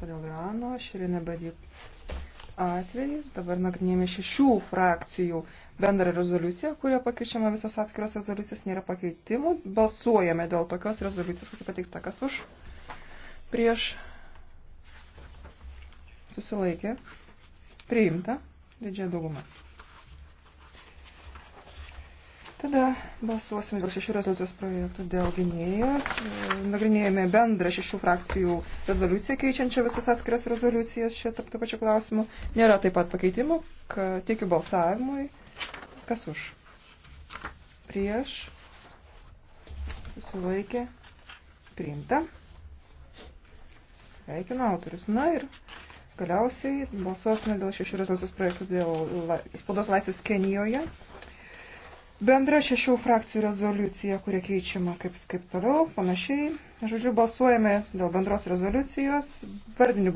Todėl Irano, Širinė Badit atvejais. Dabar nagrinėjame šešių frakcijų bendrą rezoliuciją, kurioje pakeičiama visas atskiros rezoliucijos, nėra pakeitimų. Balsuojame dėl tokios rezoliucijos, kokia pateiksta kas už. Prieš susilaikė. Priimta. Didžiąją daugumą. Tada balsuosime dėl šešių rezoliucijos projektų dėl gynėjos. Nagrinėjame bendrą šešių frakcijų rezoliuciją, keičiančią visas atskiras rezoliucijas šią tą pačią klausimą. Nėra taip pat pakeitimų, teikiu balsavimui. Kas už? Prieš. Susilaikė. Priimta. Sveikinu autorius. Na ir galiausiai balsuosime dėl šešių rezoliucijos projektų dėl spaudos laisvės Kenijoje. Bendra šešių frakcijų rezoliucija, kuria keičiama kaip, kaip toliau, panašiai. Žodžiu, balsuojame dėl bendros rezoliucijos. Vardinių